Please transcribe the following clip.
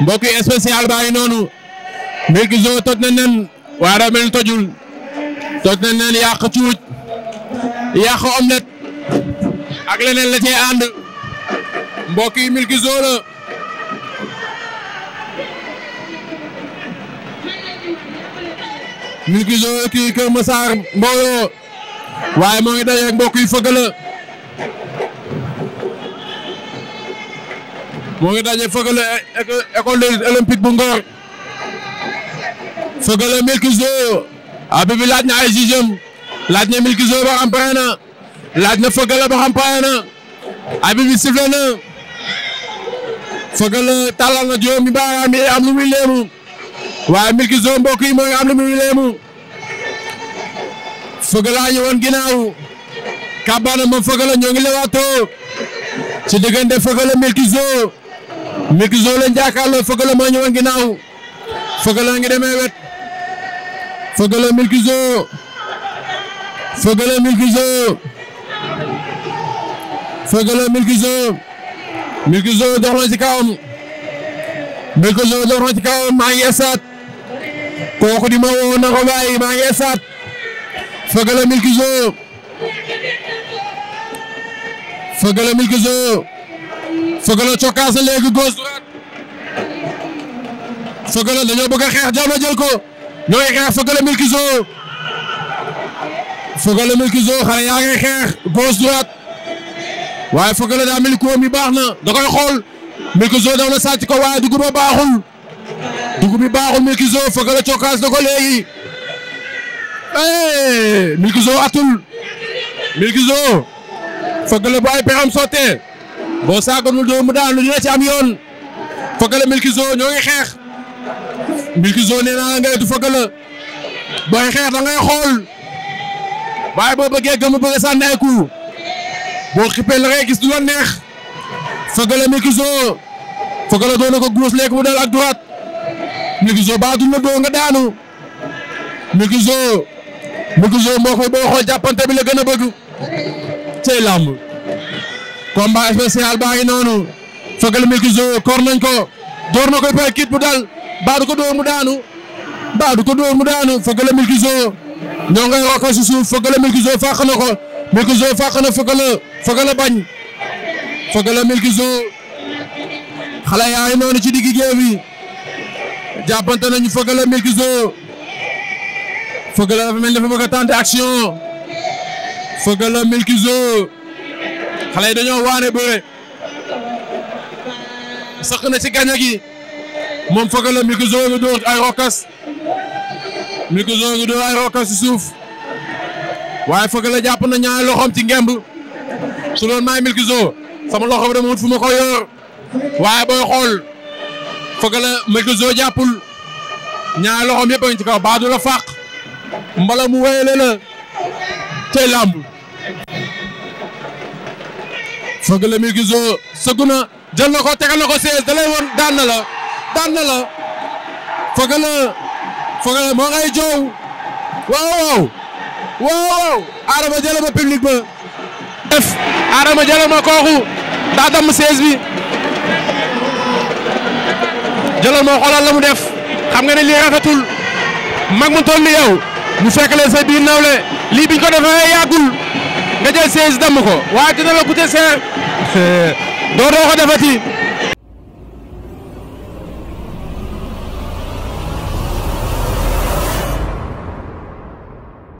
mbokk yi spécial baa ngi noonu Milkzo toj na nen waa Ramel tojul toj na nen yàq cuuj yàq omelette ak leneen la cee ànd mbokk yi Milkzo la Milkzo kii Kër Massar mbooloo waaye moo ngi daje ak mbokk yi fëgg la moo ngi daje Feugeleu école de lutte olympique bu Ngor Feugeleu Milkzo abi bi laaj na ay jigéen laaj na Milkzo ba xam pare na laaj na Feugeleu ba xam pare bi sifflé na Feugeleu tàllal na juróomi am lu muy leemu waaye Milkzo mbokk yi moo ngi am lu muy leemu Feugeleu a ñëwoon ginnaaw kàbbaana moom ñoo ngi lewaatoo ci diggante Feugeleu Milkzo Milki Zo leen jàkkaarloo Feugeuleu moo ñëwoon ginnaaw Feugeuleu ngi demee wet Feugeuleu Milki Zo Feugeuleu Milki Zo Feugeuleu Milki Zo Milki Zo dox na ci kawam Milki Zo dox na ci kawam maa woo na ko bàyyi maa ngi esaat Feugeuleu Milki Feugeuleu cokkaas na léegi gauche droite Feugeuleu dañoo bëgg a xeex Diama jël ko ñoo ngi xeex Feugeuleu Milkzo Feugeuleu Milkzo xale yaa ngi xeex gauche droite waaye Feugeuleu daa mel ni koom yi baax na da koy xool Milkzo daw na sàcc ko waaye dugub ba baaxul dugub bi baaxul Milkzo Feugeuleu cokkaas na ko léegi eh, Milkzo atul Milkzo Feugeuleu bu ay pexam sottee boo saaganul doo mu daanu dina ci am yoon Feugeuleu ñoo ngi xeex Milkzo nee naa la ngay du Feugeuleu booy xeex da ngay xool waaye boo bëggee gëm bëgg sànni ay coup boo xippee la ngay gis du la neex Feugeuleu Milkzo Feugeuleu doon na ko guus lekk mu dal ak droite Milkzo baatul la doo nga daanu Milkzo Milkzo mbokk mi boo xool jàppante bi la gën a bëgg cey làmb combat spécial baa ngi noonu Feugueleu Milkzo koor nañ ko door na koy pay kit bu dal baadu ko door mu daanu baadu ko door mu daanu Feugueleu Milkzo ñoo ngay roko si suuf Feugueleu Milkzo fàq na ko Milkzo na Feugueleu Feugueleu bañ Feugueleu Milkzo xale yaa ngi noonu ci diggi géew bi jàppante nañu Feugueleu Milkzo Feugueleu dafa mel ni dafa bëgg a tenter action xale yi dañoo waane bëre saq na ci gaña gi moom foog la Milkzo ngi dóor ay rokas Milkzo ngi dóor ay rokas suuf waaye foog la jàpp na ñaari loxoom ci ngemb su loolu maay Milkzo sama loxo bi dama wut fu ma ko yor waaye booy xool foog la Milkzo jàppul ñaari loxoom yëpp ci kaw baadu la fàq mbala mu wéyale la tey làmb foog la muy gisoo sëggu na na ko tegal na ko sees da lay woon daan na la daan na la foog la foog la moo ngay joow waaw waaw waaw waaw Adama jëlee ma public ba. def Adama jëlee ma kooku daa damm sees bi jëlal moo xoolal la mu def xam nga ne lii mag mu toll ni yow fekk leen sa biir nawle lii biñ ko defee yàggul. nga jël 16 damm ko waaye dina la coûter cher doo doo ko defati